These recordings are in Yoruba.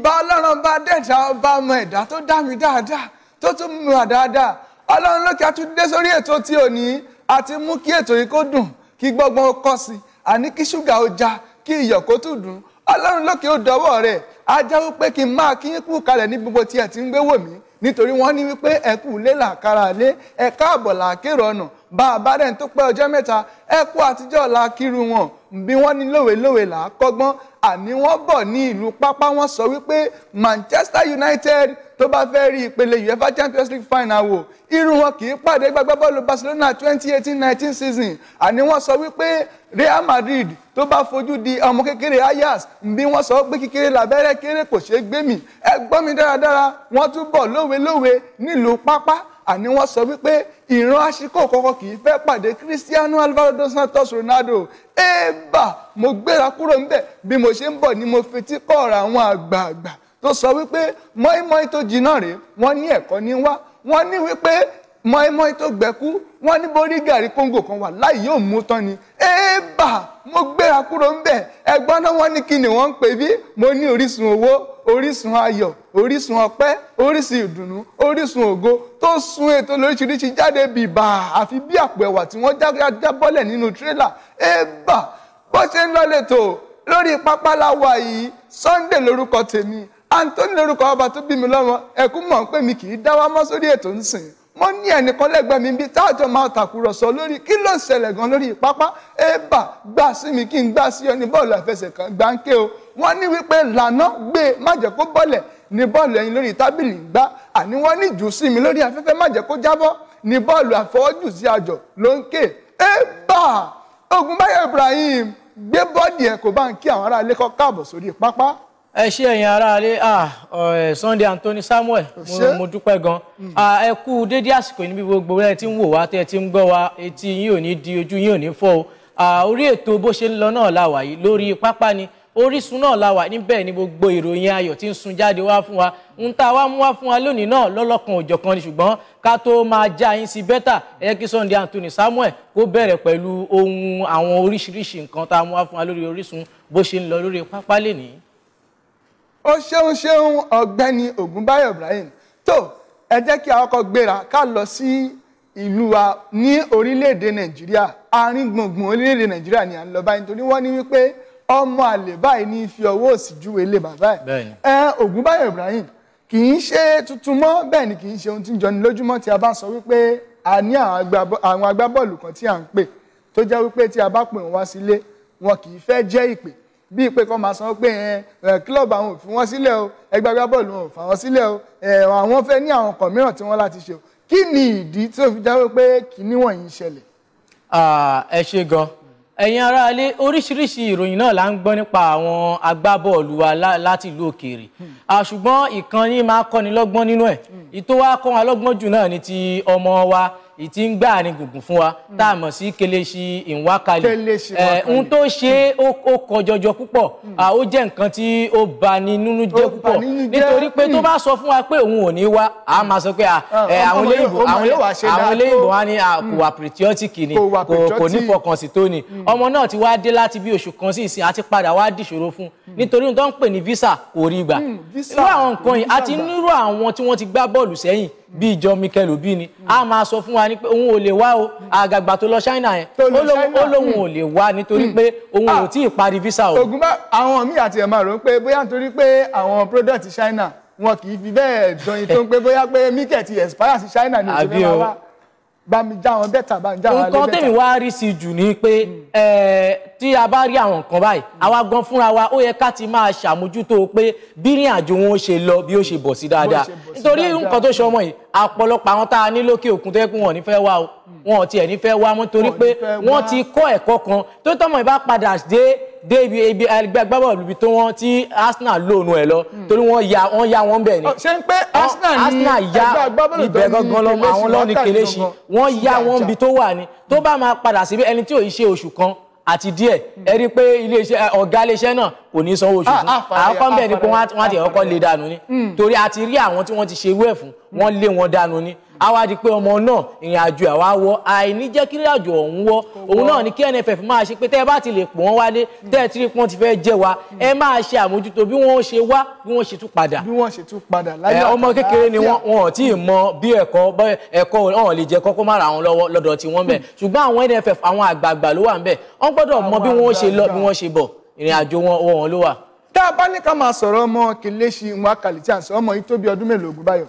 ìbá ọlọ́run ọba dẹ́ta ọba ọmọ ẹ̀dá tó dá mi dáadáa tó tún mú wa dáadáa ọlọ́run lókè àtúndé sórí ètò tí ò ní àti mú kí ètò yìí kó dùn kí gbọ́gbọ́n ó kọ́ sí àní kí ṣúgà ó já kí iyọ̀ kó tún dùn ọlọ́run lókè ó dọwọ́ rẹ̀ ajá wípé kí n máa kí yín kú kalẹ̀ ní gbogbo tí ń gbé wò mí nítorí wọ́n ní wípé ẹ kú lé làkàrà káàbọ̀ làkèrò ọ̀nà bá a bá dẹ̀ ń tó pẹ́ ọjọ́ mẹ́ta ẹ kú àtijọ́ la kírun wọn bí wọ́n ní lòwélòwé là á kọ́gbọ́n àní wọ́n bọ̀ ní ìlú pápá wọ́n sọ wípé Manchester United tó bá fẹ́ rí ìpele UEFA Champions League final wò irú wọn kì í pàdé gbàgbọ́bọ́ọ̀lù Barcelona 2018-19 season àní wọ́n sọ wípé Real Madrid tó bá fojú di ọmọ kékeré Ajax bí wọ́n sọ pé kékeré làbẹ́rẹ́ kéré kò ṣeé gbé mì ẹ gbọ́ mi dáradára wọ́n tún bọ̀ lówe nílùú pápá àní wọ́n sọ wípé ìran aṣíkò kọ̀ọ̀kan kì í fẹ́ pàdé Cristiano Alvaro dos Santos Ronaldo ébà mo gbéra kúrò ńbẹ̀ bí mo ṣe ń bọ̀ ni mo fetí kọ́ ọ̀rọ̀ àwọn àgbààgbà tó sọ wípé mọ́ínmọ́ín tó jiná rèé wọ́n ní ẹ̀kọ́ ní wá wọ́n ní wípé mọ́ínmọ́ín tó gbẹ̀kú wọ́n ní borí gàrí kóńgò kan wà láì yóò mú tán ni ẹ́ẹ́ bà mo gbéra kúrò ń bẹ̀ ẹ̀gbọ́n náà wọ́n ní kí ni wọ́n ń pè bí mo ní orísun owó orísun ayọ̀ orísun ọpẹ́ orísun ìdùnnú orísun ògo tó sun ètò lóríṣiríṣi jáde bìbà àfi bí àpò ẹ̀wà tí wọ́n jábọ́lẹ̀ nínú tírélà ẹ bà bó ṣe ń lọ lẹ́tọ̀ lórí pápá la yìí Sunday lórúkọ tèmi Anthony lórúkọ ọba tó bí mi lọ́mọ ẹ̀kú mọ̀ ń pè mí kì í dá wa mọ́ sórí ètò ń sìn mo ní ẹnìkan lẹ́gbẹ̀ẹ́ mi bí táàjọ máa tàkùrọ̀sọ lórí kí ló ń ṣẹlẹ̀ gan lórí pápá ébà gbà sí mi kí n gbà sí ọ ní bọ́ọ̀lù àfẹsẹ̀kàn gbáǹkẹ́ o wọ́n ní wípé lànà gbé má jẹ́ kó bọ́lẹ̀ ní bọ́ọ̀lù ẹyin lórí tábìlì gbá àní wọ́n ní jù sí mi lórí afẹ́fẹ́ má jẹ́ kó jábọ́ ní bọ́ọ̀lù àfọwọ́jù sí àjọ ló ń ké ébà Ògúnbáyọ̀ Ibrahim gbé bọ́ọ̀dì ẹ̀ kò bá ń kí àwọn ará ilé káàbọ̀ sórí pápá ẹ ṣé ẹ̀yin aráalé Sunday Anthony Samuel mo dúpẹ́ gan mm. ẹ kú dédé àsìkò níbi gbogbo ẹ ti ń wò wá tẹ́ ti ń gbọ́ wa etí yín ò ní di ojú yín ò ní fọ́ o orí ètò bó ṣe ń lọ náà la wà yìí lórí pápá ni Orísun náà la wà níbẹ̀ ni gbogbo ìròyìn ayọ̀ tí ń sun jáde wá fún wa ń ta wá mú wá fún wa lónìí náà lọ́lọ́kan òjọ̀kan ni ṣùgbọ́n ká tó máa já yín sí bẹ́tà ẹ kí Sunday Anthony Samuel kó bẹ̀rẹ̀ pẹ̀lú ohun àwọn oríṣiríṣi nǹkan tá a mú wá fún wa lórí Orísun bó ṣe ń lọ lórí pápá lénìí ó ṣeun ṣeun ọ̀gbẹ́ni Ògúnbáyọ̀ Ibrahim tó ẹ jẹ́ kí a kọ́kọ́ gbéra ká lọ sí ìlú wa ní orílẹ̀-èdè Nàìjíríà àárín gbùngbùn orílẹ̀-èdè Nàìjíríà ni à ń lọ báyìí nítorí wọ́n ní wípé ọmọ àlè báyìí ní fi ọwọ́ òsì júwe lé bàbá ẹ̀ ẹ Ògúnbáyọ̀ Ibrahim kì í ṣe tuntun mọ́ bẹ́ẹ̀ ni kì í ṣe ohun tí ń jọni lójúmọ́ tí a bá sọ wípé a ní àwọn agbábọ́ọ̀lù kan tí à ń pè tó jẹ́ wípé tí a bá pè wọ́n wá sílé wọn kì í fẹ́ jẹ́ ìpè bíi pé kọ́ máa san pé kílọ̀bù àwọn ò fi wọ́n sílẹ̀ o ẹgbẹ́ agbábọ́ọ̀lù wọn ò fà wọ́n sílẹ̀ o àwọn fẹ́ ní àwọn kan mìíràn tí wọ́n láti ṣe o kí ni ìdí tí ó fi jáwé pé kíní wọ̀nyí ṣẹlẹ̀. ẹ ṣe gan ẹ̀yin aráalé oríṣiríṣi ìròyìn náà là ń gbọ́ nípa àwọn agbábọ́ọ̀lù wa láti ìlú òkèèrè ṣùgbọ́n ìkànnì máa kọ́ni lọ́gbọ́n nínú ẹ̀ ìtò wa kọ́ wa lọ́gbọ́n jù náà ni ti ọmọ wa ìtí ń gbà ní gùngùn fún wa hmm. tá a mọ̀ sí keleṣi ìwákalì eh, ohun tó ṣe ó kọ jọjọ púpọ̀ hmm. ah, ó jẹ́ nǹkan tí ó bà ní nínú jẹ́ púpọ̀ nítorí pé tó hmm. bá sọ fún wa pé òun ò ní wá a máa sọ pé ah, ah, eh, àwọn eléyìnbó wa ní kò wà patriotic ni kò ní fọkànsí tó ni ọmọ náà ti wá dé láti bí oṣù kan sí ìsìn àti padà wá dìṣòro fún nítorí tó ń pè ní visa kò rí gbà irú àwọn nǹkan yìí àti nírú àwọn bí ìjọ mikel obi ni a máa sọ fún wa ni pé òun ò lè wá o àgàgbà tó lọ ṣáínà yẹn ó lóun ò lè wá nítorí hmm. pé òun ò ah. tí ì parí visa o. ògùn bá àwọn míì àti ẹ̀ máa rò ó pé bóyá nítorí pé àwọn product ṣáínà wọn kì í fi bẹ́ẹ̀ dọ̀yìn tó ń pé bóyá pé mikel ti expire sí ṣáínà ni òṣèlú máa wá bá mi já wọn bẹ́tà bá mi já wọn alẹ́ bẹ́tà. nǹkan tèmi wá rí sí jù ni pé tí a bá rí àwọn nǹkan báyìí àwa gan fúnra wa ó yẹ ká ti máa ṣàmójútó pé bí ìrìn àjò wọn ṣe lọ bí ó ṣe bọ̀ sí dáadáa nítorí nǹkan tó ṣe ọmọ yìí ọ̀pọ̀lọpọ̀ àwọn tá a ní lókè òkun tẹ́ pé wọn ò ní fẹ́ wá o wọn ò tiẹ̀ ní fẹ́ wá mọ́ torí pé wọ́n ti kọ́ ẹ̀kọ́ kan tó tọ́mọ̀ ìbá padà dé dé ibi ibi ẹgbẹ́ eh, agbábọ́ọ̀lù ibi tó wọ́n tí Arsenal lóònù ẹ̀ lọ hmm. torí wọ́n ya wọ́n ya wọ́n bẹ̀ ni. ṣé ń pé Arsenal ní ẹgbẹ́ tó ní ibẹ̀ gangan lọ àwọn lọ́ọ̀nì keleṣi wọ́n ya wọ́n bi tó wà ni tó bá máa padà síbi ẹni tí ò í ṣe oṣù kan àti díẹ̀ hmm. ẹ rí i pé iléeṣẹ́ ọ̀gá iléeṣẹ́ náà kò ní sanwó oṣù fún àkọ́kọ́ ń bẹ̀ ni ah, pé wọ́n á ti ọkọ́ lé dànù ni hmm. torí a ti rí àwọn tí wọ́n ti ṣe irú ẹ̀ fún wọ́n lé wọn dànù ni a wá di pé ọmọ náà ìrìn àjò àwa wọ àìní jẹ́ kí ìrìn àjò ọ̀hún wọ́ òun náà ni kí NFF máa ṣe pé tẹ́ ẹ bá ti lè pọ̀ wọ́n wálé tẹ́ ẹ ti rí pọ́n ti fẹ́ jẹ́ wa ẹ máa ṣe àmójútó bí wọ́n ṣe wá bí wọ́n ṣe tún padà. bí wọ́n ṣe tún padà láyé ọmọ kékeré ni wọ́n wọn tí ì mọ bí ẹ̀kọ́ ẹ̀kọ́ ọ̀hún lè jẹ́ kọ́kọ́ má àwọn lọ́wọ́ lọ́dọ̀ tí wọ́n bẹ̀ hmm. ṣùgbọ́n àwọn NFF àwọn àgbààgbà ló wà ń bẹ̀ wọ́n gbọ́dọ̀ mọ bí wọ́n ṣe lọ bí wọ́n ṣe bọ̀ ìrìn àjò wọn ọwọ́ wọn ló wà. tá a bá ní ká máa sọ̀rọ̀ ọmọ kìlẹ́sì wọn àkàlì tí à sọ ọmọ yìí tó ọdún mélòó ogun báyọ̀.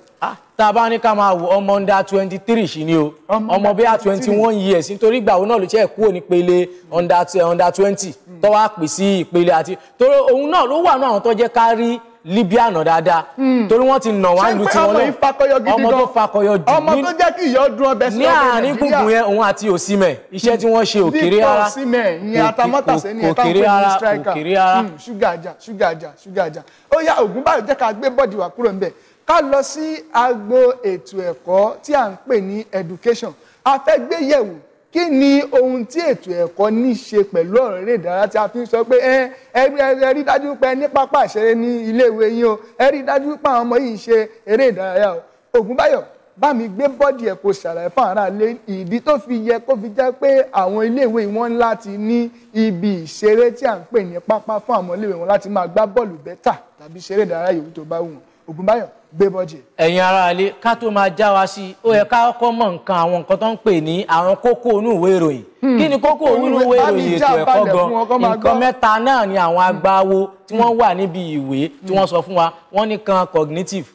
tá a bá ní ká máa wo ọmọ under twenty three sí ni o ọmọ bíi twenty one years nítorí ìgbà wo náà ló tiẹ̀ kúrò nípele under twenty tó wá pè sí ìpele àti torí òun náà ló wà náà àwọn tó jẹ́ ká rí libya nà dáadáa hmm. torí wọ́n ti nà wá lu tiwọn náà ọmọ tó fakọyọ jù ọmọ tó jẹ́ kí ìyọ́ dún ọbẹ̀ sí ọbẹ̀ nàìjíríà ní àárín gbùngbùn yẹn òun àti òsímẹ̀ iṣẹ́ tí wọ́n ṣe òkèrè ara òkèrè ara òkèrè ara. ṣúgà àjà ṣúgà àjà ṣúgà àjà ó yá ògùn báyìí jẹ́ ká gbé bọ́ọ̀dì wá kúrò ńbẹ̀ ká lọ sí agbo ètò ẹ̀kọ́ tí à ń pè ní education a fẹ́ gbé yẹ̀wò kí ni ohun tí ètò ẹ̀kọ́ ní ṣe pẹ̀lú ọ̀rọ̀ eré ìdárayá tí a fi ń sọ pé ẹ ẹ rí dájú pé ní pápá ìṣeré ní iléèwé yín o ẹ rí dájú pé àwọn ọmọ yìí ń ṣe eré ìdárayá o Ògúnbáyọ̀ bá mi gbé bọ́ọ̀dì ẹ̀ kó ṣàlàyé fún ara lé ìdí tó fi yẹ kó fi jẹ́ pé àwọn iléèwé wọn láti ní ibi ìṣeré tí à ń pè ní pápá fún àwọn iléèwé wọn láti máa gbá bọ́ọ̀lù bẹ́tà tàbí ṣeré ìdárayá yòówù tó bá wù wọ́n Ògúnbáyọ̀ Gbébọ̀jì. ẹ̀yin aráalé ká tó máa já wa sí i ó yẹ ká kọ́ mọ̀ nǹkan àwọn nǹkan tó ń pè ní àwọn kókó inú ìwé ìròyìn hmm. kí ni kókó inú ìwé ìròyìn ètò ẹ̀kọ́ gan nǹkan mẹ́ta náà ni àwọn agbáwo tí wọ́n wà níbi ìwé tí wọ́n sọ fún wa wọ́n ní kan cognitive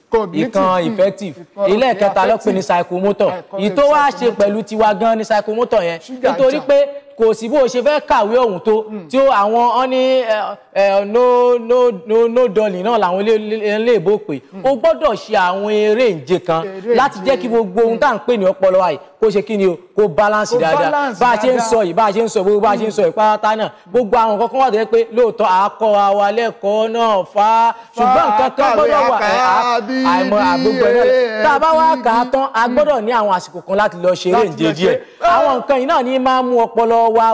ìkan hmm. effective ilé ìkẹta lọ́pẹ́ ní psychomotor ìtò wá ṣe pẹ̀lú tiwa gan ní psychomotor yẹn nítorí pé kò sí bó ṣe fẹ́ kàwé ọ̀hún tó hmm. tí àwọn ọ́n ní eh, eh, no no no no dolly náà làwọn ilé ìbò pé o hmm. gbọ́dọ̀ ṣe àwọn eré ìje kan láti jẹ́ kí gbogbo ohun tá à ń pè ní ọpọlọ àì kó ṣe kí ni o kó balance dáadáa bá a ṣe ń sọ yìí bá a ṣe ń sọ gbogbo bá a ṣe ń sọ ìpátá náà gbogbo àwọn kankan wà tó yẹ pé lóòótọ́ àkọ́ wa lẹ́kọ̀ọ́ náà fa ṣùgbọ́n nǹkan kan gbọ́dọ̀ wà àìmọ̀ àgbógbó náà tá a bá wá kà á tán a hmm. gbọ́dọ̀ ní àwọn àsìkò kan láti lọ ṣeré ǹjẹ́ díẹ̀ àwọn nǹkan yìí náà ní máa mú ọpọlọ wa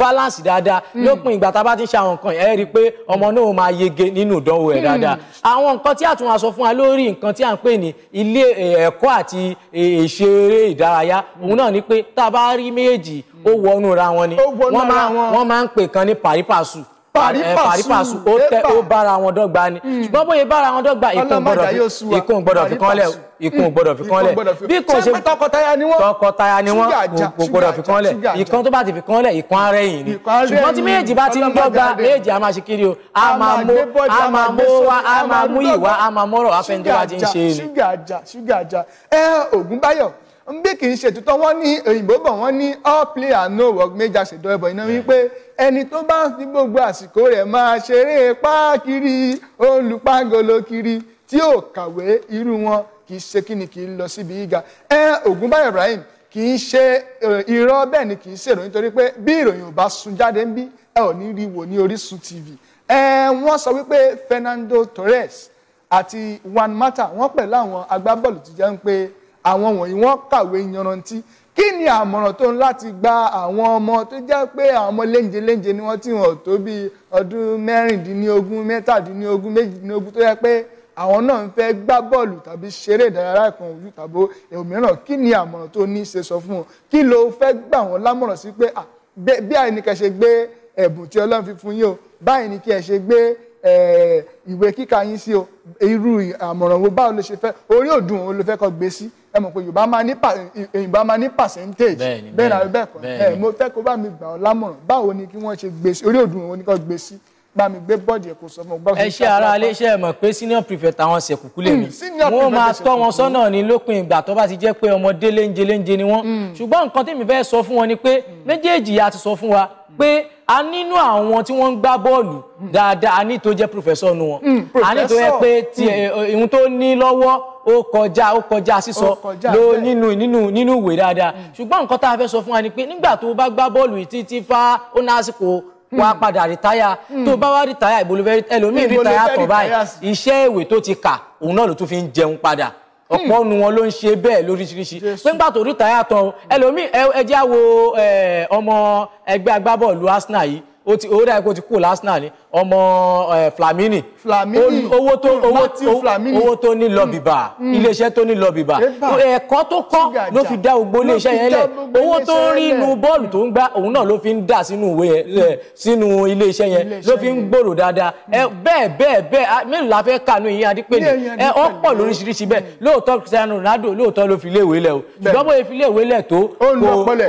balance dáadáa hmm. lópin ìgbà tá a bá ti ń ṣe àwọn nǹkan ẹ rí i pé ọmọ náà máa yege nínú ìdánwò ẹ̀ hmm. dáadáa àwọn nǹkan tí a tún wá sọ fún wa lórí nǹkan tí à ń pè ní ilé ẹ̀kọ́ àti ìṣeré ìdárayá hmm. òun náà ni pé tá a bá rí méjèèjì ó wọnú ra wọn ni wọ́n máa ń pè kan ní pàrípàṣù pàrípàṣù ó tẹ ó bára wọn dọ́gba ni hmm. ṣùgbọ́n bóyá bára wọn dọ́gba ìkún gbọ́dọ̀ fi ìkún gbọ́dọ̀ fi kánlẹ̀ ìkún gbọ́dọ̀ fi hmm. kánlẹ̀ bí kò ṣe tọkọtaya ni wọ́n tọkọtaya ni wọ́n kò gbọ́dọ̀ fi kánlẹ̀ ìkan tó bá ti fi kánlẹ̀ ìkan ara ẹ̀yìn ni ṣùgbọ́n tí méjì bá ti ń dọ́gba méjì a máa ṣe kiri o a máa mú a máa mú wa a máa mú ìwà a máa mọ́rọ̀ afẹ́ńdéwájú ń ṣe ni. ṣúgà àjà ṣúgà àjà ẹ Ògúnbáyọ̀ ń bí kì í ṣètútọ́ wọ́n ní òyìnbó bọ̀ wọ́n ní all player no work major ṣètò ẹbọ iná wípé ẹni tó bá fi gbogbo àsìkò rẹ̀ máa ṣeré páàkiri olùpágolo kiri tí ò kàwé irú wọn kì í ṣe kíni kì í lọ síbi gíga ẹ Ògúnbáyọ̀ Ibrahim kì í ṣe irọ́ bẹ́ẹ̀ ni kì í ṣèròyìn nítorí pé bí ìròyìn ò bá sun jáde ń ẹ ò ní rí wò ní Orísun TV ẹ wọ́n sọ wípé Fernando Torres àti Juan Mata wọ́n pẹ̀lú àwọn agbábọ́ọ̀lù tó jẹ́ ń pé àwọn wọ̀nyí wọ́n kàwé yanrantí kí ni àmọ̀ràn tó ń láti gba àwọn ọmọ tó jẹ́ pé àwọn ọmọ léńjeléńje ni wọ́n ti wọ́n tó bí ọdún mẹ́rìndínlógún mẹ́tàdínlógún méjìdínlógún tó yẹ pé àwọn náà ń fẹ́ gbá bọ́ọ̀lù tàbí ṣeré ìdárayá kan ojú tàbí òmíràn kí ni àmọ̀ràn tó ní ṣe sọ fún wọn kí ló fẹ́ gbà wọ́n lámọ̀ràn sí pé bí àìníkẹ́ ṣe gbé ẹ̀bùn tí Ọlọ́run fi fún yín o báyìí ni kí ẹ ṣe gbé ìwé kíkà yín sí o irú àmọ̀ràn wo báwo ló ṣe fẹ́ orí òdùn òun ló fẹ́ kó gbé sí ẹ mọ̀ pé yorùbá máa ní yorùbá máa ní percentage bẹ́ẹ̀ náà bẹ́ẹ̀ kọ́ ẹ mo fẹ́ kó bá mi gbà ọ́ lámọ̀ràn báwo ni kí wọ́n ṣe gbé sí orí òdùn wọn ni kò gbé sí bá mi gbé bọ́ọ̀dì ẹ̀kọ́ sọ fún ọgbà. ẹ ṣe ara iléeṣẹ́ mọ̀ pé senior prefect àwọn ṣẹ̀kùkú lè mí wọ́n máa tọ́ wọn sọ́nà ní lópin ìgbà tó bá ti jẹ́ pé ọmọdé léńjẹ léńjẹ ni wọ́n hmm. ṣùgbọ́n nǹkan tèmi fẹ́ sọ fún wọn ni pé hmm. méjèèjì a ti sọ fún wa hmm. pé a nínú àwọn tí wọ́n ń gbá bọ́ọ̀lù dáadáa a ní tó jẹ́ professor nu wọn a ní tó yẹ pé ihun eh, tó ní lọ́wọ́ ó kọjá ó kọjá sísọ ló nínú nínú nínú ìwé dáadáa hmm. ṣùgbọ́n nǹkan tá a fẹ́ sọ fún wa ni pé nígbà tó o bá gbá bọ́ọ̀lù yìí títí fá ó ná àsìkò wá hmm. padà rìtáyà hmm. tó o bá wá rìtáyà ìbolúfẹ́ ẹlòmíì rìtáyà tọ̀ báyìí iṣẹ́ ìwé tó ti kà òun náà ló tún fi ń jẹun padà ọ̀pọ̀ nu wọn ló ń ṣe bẹ́ẹ̀ lóríṣiríṣi pé nígbà tó rìtáyà tán ẹlòmíì ẹ jẹ́ àwo ọmọ ẹgbẹ́ agbábọ́ọ̀lù Arsenal yìí ó ti ó dàbí kó ti kú Arsenal ni ọmọ eh, Flamini Flamini owó tó hmm, owó owó tó ní lọ hmm, bìbà hmm. iléeṣẹ́ tó ní lọ bìbà ẹ̀kọ́ tó kọ́ ló fi dá gbogbo iléeṣẹ́ yẹn lẹ̀ owó tó ń rí inú bọ́ọ̀lù tó ń gbá òun náà ló fi ń dà sínú ìwé yẹn sínú iléeṣẹ́ yẹn ló fi ń gbòòrò dáadáa bẹ́ẹ̀ bẹ́ẹ̀ bẹ́ẹ̀ mélòó la fẹ́ kànú yín adípèlè ẹ ọ pọ̀ lóríṣiríṣi bẹ́ẹ̀ lóòótọ́ Cristiano Ronaldo lóòótọ́ ló fi léèwé lẹ̀ o ṣùgbọ́n bóyá fi léèwé lẹ̀ tó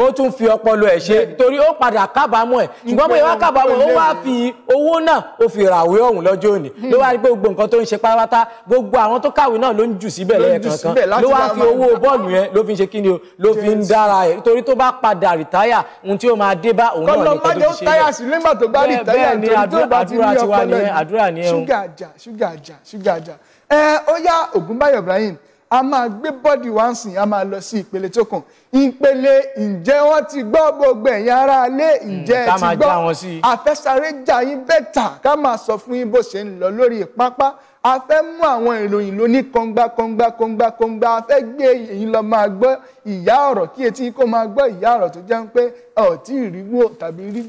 ó tún fi ọpọlọ ẹ̀ ṣe torí ó padà kábàámọ̀ ẹ̀ ṣùgbọ́n bóyá wá kábàámọ̀ ó wá fi owó náà ó fi ràwé ọ̀hún lọ́jọ́ òní ló wá rí pé gbogbo nǹkan tó ń ṣe pátápátá gbogbo àwọn tó kàwé náà ló ń jù síbẹ̀ lẹ́ẹ̀kankan ló wá fi owó bọ́ọ̀lù yẹn ló fi ń ṣe kí ni o ló fi ń dára ẹ̀ torí tó bá padà rìtáyà ohun tí ó máa dé bá òun náà nìkan tó ti ṣe bẹ́ẹ̀ bẹ́ẹ̀ ni àdúrà tiwa ni àdúrà ni ṣúgà àjà ṣúgà àjà ṣúgà àjà ẹ Ibrahim a máa gbé bọ́dì wá ń sìn a máa lọ sí ìpele tó kàn ìpele ǹjẹ́ wọ́n ti gbọ́ gbogbo ẹ̀yin ará ilé hmm, ǹjẹ́ ẹ ti gbọ́ àfẹsàré jà yín bẹ́tà ká máa sọ fún yín bó ṣe ń lọ lórí pápá a fẹ́ mú àwọn ìròyìn lóní kọ́ngbá kọ́ngbá kọ́ngbá kọ́ngbá a fẹ́ gbé èyí lọ máa gbọ́ ìyá ọ̀rọ̀ kí etí kó máa gbọ́ ìyá ọ̀rọ̀ tó jẹ́ pé ọ̀tí ìrìwò tàbí rí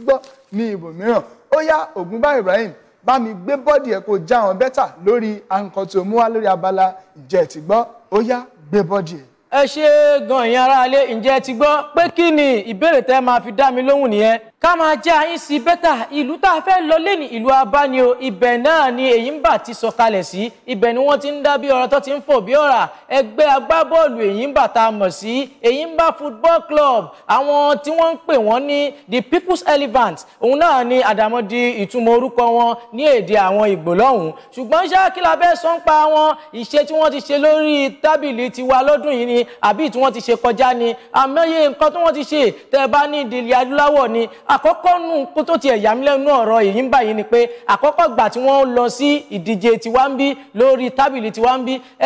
ní ibòmíràn ó yá Ògúnbá Ibrahim bá mi gbé bọ́ọ̀dì ẹ̀ kó já wọn bẹ́tà lórí àǹkọ́ tó mú wá lórí abala ìjẹ́ ti gbọ́ ó yá gbé bọ́dì ẹ̀. ẹ ṣe gan-an ìyẹn aráalé ǹjẹ́ ti gbọ́ pé kí ni ìbéèrè tẹ́ máa fi dá mi lóhùn nìyẹn ká máa jẹ́ àyínsí bẹ́tà ìlú tá a fẹ́ lọ lé ní ìlú abánio ibẹ̀ náà ni èyí ń bà ti sọ̀kalẹ̀ sí ibẹ̀ ni wọ́n ti ń dá bí ọ̀rọ̀ tó ti ń fò bí ọ̀rà ẹgbẹ́ agbábọ́ọ̀lù èyí ń bà tá a mọ̀ sí èyí ń bà football club àwọn tí wọ́n ń pè wọ́n ní the people's elephant òun náà ni àdàmọ̀dì ìtumọ̀ orúkọ wọn ní èdè àwọn Ìgbò lọ́hùn ṣùgbọ́n ṣá kí la sọ ń pa wọn ìṣe tí wọ́n ti ṣe lórí tábìlì tiwa lọ́dún yìí ni àbí tí wọ́n ti ṣe kọjá ni àmọ́yé nǹkan tí wọ́n ti ṣe tẹ́ bá ní ìdílé adúláwọ̀ ni àkọ́kọ́ nù kó tó tiẹ̀ yà mí lẹ́nu ọ̀rọ̀ èyí ń báyìí ni pé àkọ́kọ́ gbà tí wọ́n lọ sí ìdíje tiwa lórí tábìlì tiwa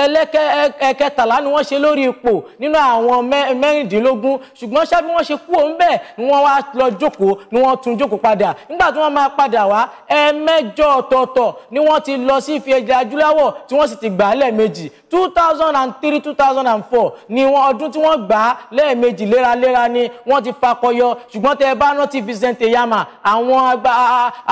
ẹlẹ́kẹ́ ẹ̀kẹtàlá ni wọ́n ṣe lórí ipò nínú àwọn mẹ́rìndínlógún ṣùgbọ́n ṣá bí wọ́n ṣe kú òun bẹ́ẹ̀ ni wọ́n wá lọ jókòó ni wọ́n tún jókòó padà nígbà tí wọ́n máa padà wá ẹ̀ẹ̀mẹ́jọ ọ̀tọ̀ọ̀tọ̀ ni wọ́n ti lọ sí ìfi ẹja adúláwọ̀ tí wọ́n sì ti gbà á lẹ́ẹ̀mejì two thousand and three two thousand and four ni ọdún tí wọ́n gbà á lẹ́ẹ̀mejì léraléra ni wọ́n ti fakọyọ ṣùgbọ́n tẹ bá rántí fi represent eyama àwọn agba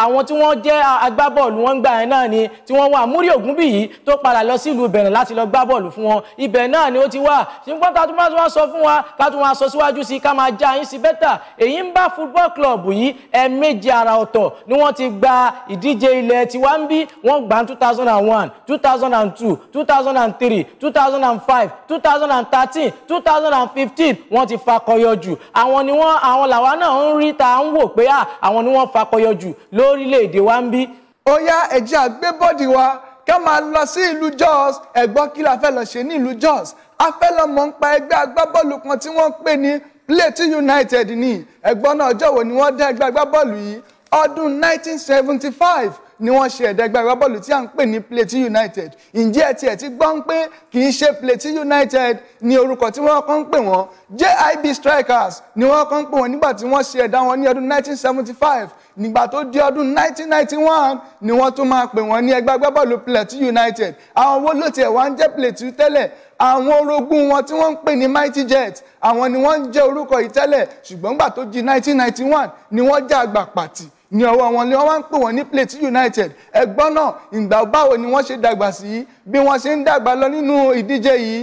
àwọn tí wọ́n jẹ́ agbábọ́ọ̀lù wọn gbà yẹn náà ni tí wọ́n wà múrí ògúnbíyì tó padà lọ sílùú bẹ̀rẹ̀ láti lọ gbá bọ́ọ̀lù fún wọn ibẹ̀ náà ni ó ti wà ṣùgbọ́n ká tún bá sọ fún wa ká tún wá sọ síwájú sí ká máa já yín sí bẹ́tà èyí ń bá football club yìí ẹ̀ẹ̀mejì àrà ọ̀tọ̀ ni wọ́n ti gba ìdíje ilẹ̀ tiwa ń bí wọ́n gbà ní two thousand and one two thousand and two two thousand and three two thousand and five two thousand and thirteen two thousand and fifteen wọ́n ti fakọyọ jù àwọn ni wọ́n àwọn làwa náà ń rí ta ń wò pé ah, àwọn ni wọ́n fakọyọ jù lórílẹ̀‐èdè wa ń bí. ó yá ẹ jẹ́ a bọ́dì wa ká máa lọ sí ìlú Jos ẹ̀gbọ́n kí la fẹ́ lọ ṣe ní ìlú Jos a fẹ́ lọ mọ̀ ń pa ẹgbẹ́ agbábọ́ọ̀lù kan tí wọ́n ń pè ní Plateau United ní ẹ̀gbọ́n náà ọjọ́ ni wọ́n dá ẹgbẹ́ agbábọ́ọ̀lù yìí ọdún 1975 ni wọ́n ṣe ẹ̀dẹ́gbẹ́ ìrọ́bọ̀lù tí à ń pè ní Plateau United ǹjẹ́ ẹ tiẹ̀ ti gbọ́ ń pé kì í ṣe Plateau United ni orúkọ tí wọ́n kàn ń pè wọ́n JIB Strikers ni wọ́n kàn ń pè wọ́n nígbà tí wọ́n ṣe ẹ̀dá wọn ní ọdún 1975 nígbà tó di ọdún 1991 ni wọ́n tún máa pè wọ́n ní ẹgbẹ́ agbábọ́ọ̀lù Plateau United àwọn wo ló tiẹ̀ wá ń jẹ́ Plateau tẹ́lẹ̀ àwọn orogún wọn tí wọ́n ń pè ní Mighty Jet àwọn ni wọ́n ń jẹ́ orúkọ yìí tẹ́lẹ̀ ṣùgbọ́n gbà tó di 1991 ni wọ́n já àgbà pàtì ní ọwọ́ wọn ni wọ́n wá ń pè wọ́n ní Plateau United ẹgbọ́n náà ìgbà báwo ni wọ́n ṣe dàgbà sí bí wọ́n ṣe ń dàgbà lọ nínú ìdíje yìí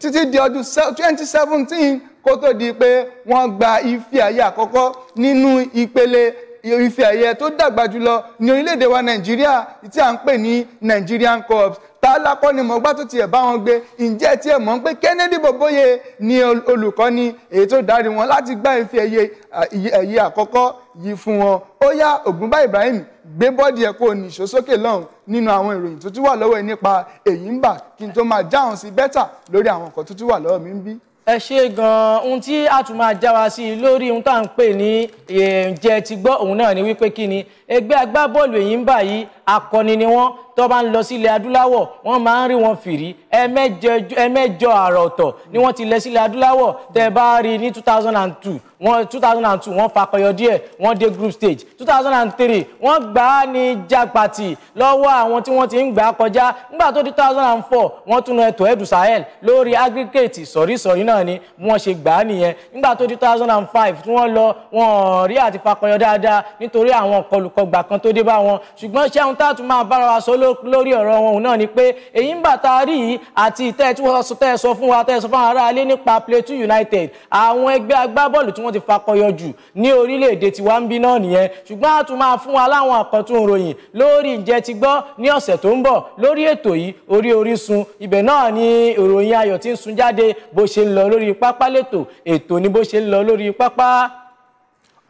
títí di ọdún twenty seventeen kó tó di pé wọ́n gba ife àyè àkọ́kọ́ nínú ìpele ife ẹ̀yẹ tó dàgbà jùlọ ní orílẹ̀-èdè wa nàìjíríà tí à ń pè ní Nigerian corps alákọ́ ni mọ̀gbá tó tiẹ̀ bá wọn gbé ǹjẹ́ tiẹ̀ mọ̀ pé Kennedy Bòbóyè ni olùkọ́ni èyí tó darí wọn láti gbá ife ẹ̀yẹ àkọ́kọ́ yìí fún wọn ó yá Ògúnbá Ibrahim gbé bọ́ọ̀dì ẹ̀ kó nìṣó sókè lọ́hùn nínú àwọn ìròyìn tó tún wà lọ́wọ́ ẹ nípa èyí ń bà kí n tó máa jáhùn sí bẹ́tà lórí àwọn nǹkan tó tún wà lọ́wọ́ mi ń bí ẹ ṣe gan-an ohun tí a tún máa já wa sí lórí ohun tá à ń pè ní ǹjẹ́ ti gbọ́ òun náà ni wípé kí ni ẹgbẹ́ agbábọ́ọ̀lù èyí ń bà yìí akọni ni wọ́n tó bá ń lọ sí ilẹ̀ adúláwọ̀ wọ́n máa ń rí wọn fìrí ẹ̀mẹ́jọ àrà ọ̀tọ̀ ni wọ́n ti lẹ̀ sí ilẹ̀ adúláwọ̀ tẹ́ bá rí ní two thousand and two wọ́n two thousand and two wọ́n fakọyọ díẹ̀ wọ́n dé group stage two thousand and three wọ́n gbà á ní jagpati lọ́wọ́ àwọn tí wọ́n ti ń gbà kọjá nígbà tó di two thousand and four wọ́n tún na ẹ̀tọ́ ẹ̀dù sahel lórí aggregate sọ̀rísọ̀rí náà ni wọ́n ṣe gbà á nìyẹn nígbà tó di two thousand and five tí wọ́n lọ wọ́n rí àti fakọyọ dáadáa nítorí àwọn kọlù ọgbà kan tó dé bá wọn ṣùgbọ́n ṣé ohun tá a máa bára wa sọ lórí ọ̀rọ̀ wọn òun náà ni pé èyí ń bàtà rí yìí àti ìtẹ́ tí wọ́n tẹ́ sọ fún wa tẹ́ sọ fún ara alé nípa Plateau United àwọn ẹgbẹ́ agbábọ́ọ̀lù tí wọ́n ti fakọyọ jù ní orílẹ̀-èdè tiwa ń bí náà nìyẹn ṣùgbọ́n a tún máa fún wa láwọn àkọ́tún ìròyìn lórí ìjẹ́ ti gbọ́ ní ọ̀sẹ̀ tó ń bọ̀ lórí ètò yìí orí Orísun ibẹ̀ náà ni ìròyìn ayọ̀ ti ń sun jáde bó ṣe ń lọ lórí pápá lẹ́tò ètò ni bó ṣe ń lọ lórí pápá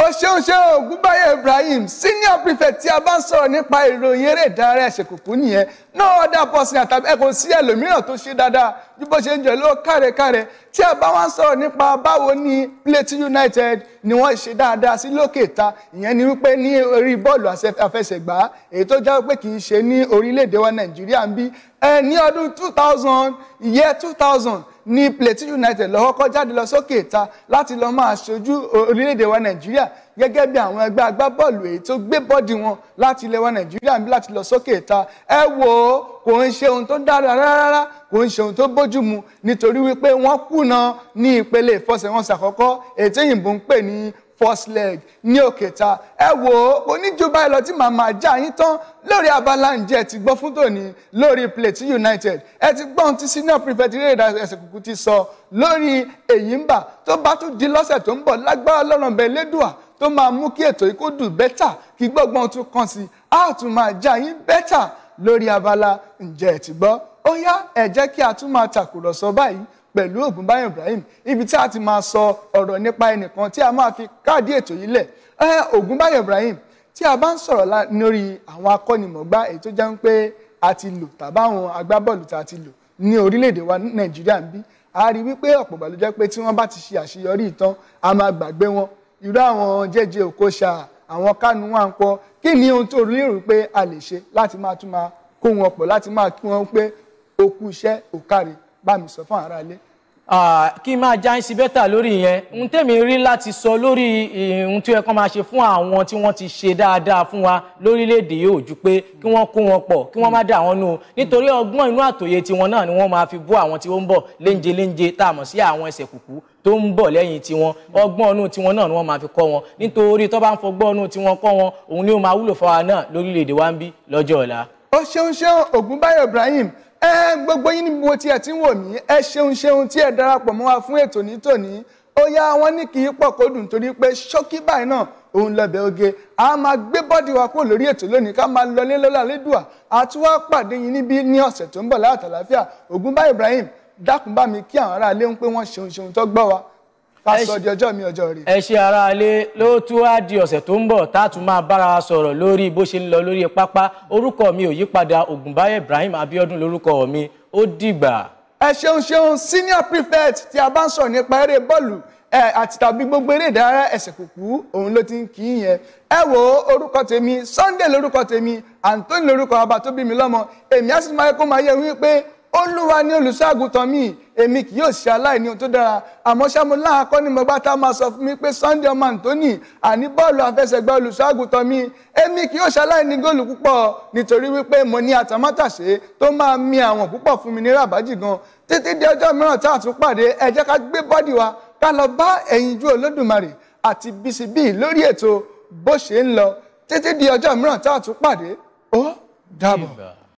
o ṣeun ṣeun ògúnbáyé ibrahim senior prefect tí a bá ń sọ̀rọ̀ nípa ìròyìn eré ìdárayá ṣèkùkù nìyẹn náà ọ̀dà pọ̀sìn àtàbí ẹ̀kọ́ sí ẹlòmíràn tó ṣe dáadáa bí bó ṣe ń jẹ́ ló kárẹ̀kárẹ̀ tí a bá wá ń sọ̀rọ̀ nípa báwo ni Plateau United ni wọ́n ṣe dáadáa sí lókè ta ìyẹn ni wípé ní orí bọ́ọ̀lù àfẹsẹ̀gbá èyí tó jẹ́ pé kì í ṣe ní orílẹ̀-èdè wa nàìjíríà ń bí ẹ ní ọdún two thousand ìyẹ́ two thousand ní Plateau United lọ́wọ́ kọ́ jáde lọ sókè ta láti lọ máa ṣojú orílẹ̀-èdè wa Nàìjíríà gẹ́gẹ́ bí àwọn ẹgbẹ́ agbábọ́ọ̀lù èyí tó gbé bọ́ọ̀dì wọn láti ilẹ̀ wa Nàìjíríà bí láti lọ sókè ta ẹ wò ó kò ń ṣe ohun tó dára rárá kò ń ṣe ohun tó bójú mu nítorí wípé wọ́n kùnà ní ìpele ìfọsẹ̀wọnsẹ̀ àkọ́kọ́ èyí tí òyìnbó ń pè ní first leg ní òkèta ẹ wò ó oníjó báyìí lọ tí màmá ajá yín tán lórí abala ǹjẹ́ ti gbọ́ fún tòní lórí Plateau United ẹ ti gbọ́n ti senior prefect ilé ìdásẹ̀ kúkú ti sọ lórí Enyimba tó bá tún di lọ́sẹ̀ tó ń bọ̀ lágbára lọ́rùn bẹ́ẹ̀ lẹ́dùà tó máa mú kí ètò yìí kó dùn bẹ́tà kí gbọ́gbọ́n tún kàn sí a tún máa já yín bẹ́tà lórí abala ǹjẹ́ ti gbọ́ ó yá ẹ jẹ́ kí a tún máa tàkùrọ̀sọ báyìí pẹ̀lú Ògúnbáyọ̀ Ibrahim ibi tí a ti máa sọ ọ̀rọ̀ nípa ẹnìkan tí a máa fi káàdì ètò yìí lẹ̀ ẹ Ògúnbáyọ̀ Ibrahim tí a bá ń sọ̀rọ̀ lórí àwọn akọ́nimọ̀gbá èyí tó jẹ́ ń pé a ti lò tàbá àwọn agbábọ́ọ̀lù tá a ti lò ní orílẹ̀-èdè wa Nàìjíríà ń bí a rí wípé ọ̀pọ̀ ìgbà ló jẹ́ pé tí wọ́n bá ti ṣe àṣeyọrí ìtàn a máa gbàgbé wọn irú àwọn jẹ́jẹ́ òkóṣà àwọn kánú wa ń pọ̀ kí ni ohun tó lérò pé a lè ṣe láti máa tún máa kó wọn pọ̀ láti máa kí wọn pé okú iṣẹ́ òkàrẹ̀ bá mi sọ fún ara ilé. kí n máa já ń ṣe bẹ́tà lórí yẹn ohun tèmi rí láti sọ lórí ohun tí ó yẹ kán máa ṣe fún àwọn tí wọ́n ti ṣe dáadáa fún wa lórílẹ̀‐èdè yóò ju pé kí wọ́n kó wọn pọ̀ kí wọ́n má dà wọ́n nù nítorí ọgbọ́n inú àtòyè tiwọn náà ni wọ́n máa fi bú àwọn tí ó ń bọ̀ léńje léńje tá a mọ̀ sí àwọn ẹsẹ̀ kùkú tó ń bọ̀ lẹ́yìn tiwọn ọgbọ́n ọ̀nù tiwọn náà ni wọ́n máa fi kọ́ wọn nítorí tó bá ń fọgbọ́n ọ̀nù tiwọn kọ́ wọn òun ni ó máa wúlò fáwa náà lórílẹ̀ wa ń bí lọ́jọ́ ọ̀la. ó ṣeun ṣeun Ògúnbáyọ̀ Ibrahim ẹ gbogbo yín ni mo tiẹ̀ ti ń wò mí ẹ ṣeun ṣeun tí ẹ darapọ̀ mọ́ wa fún ètò ní tòní ó yá wọn ní kì í pọ̀ kó dùn torí pé ṣókí báyìí náà òun lọ́bẹ̀ oge a máa gbé bọ́dì wa kúrò lórí ètò lónìí ká máa lọlé lọ́la lédùá àti pàdé yín níbí ní ọ̀sẹ̀ tó ń bọ̀ láàtàláfíà Ògúnbá Ibrahim dákun bá mi kí àwọn aráalé ń pé wọ́n ṣeun ṣeun tó gbọ́ wa pásítọ̀ di ọjọ́ mi ọjọ́ rẹ̀. ẹ ṣe ara alẹ́ ló tún á di ọ̀sẹ̀ tó ń bọ̀ tá a tún máa bára wa sọ̀rọ̀ lórí bó ṣe ń lọ lórí pápá orúkọ mi ò yípadà Ògúnbáyọ̀ Ibrahim abiodun lórúkọ mi ó dìgbà. ẹ ṣeun ṣeun senior prefect tí a bá ń sọ̀rọ̀ nípa eré bọ́ọ̀lù ẹ àti tàbí gbogbo eré ìdárayá ẹsẹ̀ kùkú òun ló ti ń kì yẹn ẹ wo orúkọ tèmi Sunday lórúkọ tèmi Anthony lórúkọ baba tó bí mi lọ́mọ èmi á sì máa yẹ kó máa yẹ wípé olúwa ni olùṣọ́àgùtàn mi èmi kì yóò ṣe aláìní ohun tó dára àmọ́ ṣá mo ni mo gbá tá a máa sọ fún mi pé Sunday ọmọ Anthony àní bọ́ọ̀lù àfẹsẹ̀gbá olùṣọ́àgùtàn mi èmi kì yóò ṣe aláìní góòlù púpọ̀ nítorí wípé mo ní àtàmátàṣe tó máa mi àwọn púpọ̀ fún mi ní ràbájì gan títí di ọjọ́ mìíràn tá a tún pàdé ẹ jẹ́ ká gbé bọ́dì wa ká lọ bá ẹ̀yinjú olódùmarè àti bcb lórí ètò bó ṣe ń lọ títí di ọjọ́ mìíràn tá a tún pàdé ó dàbọ̀.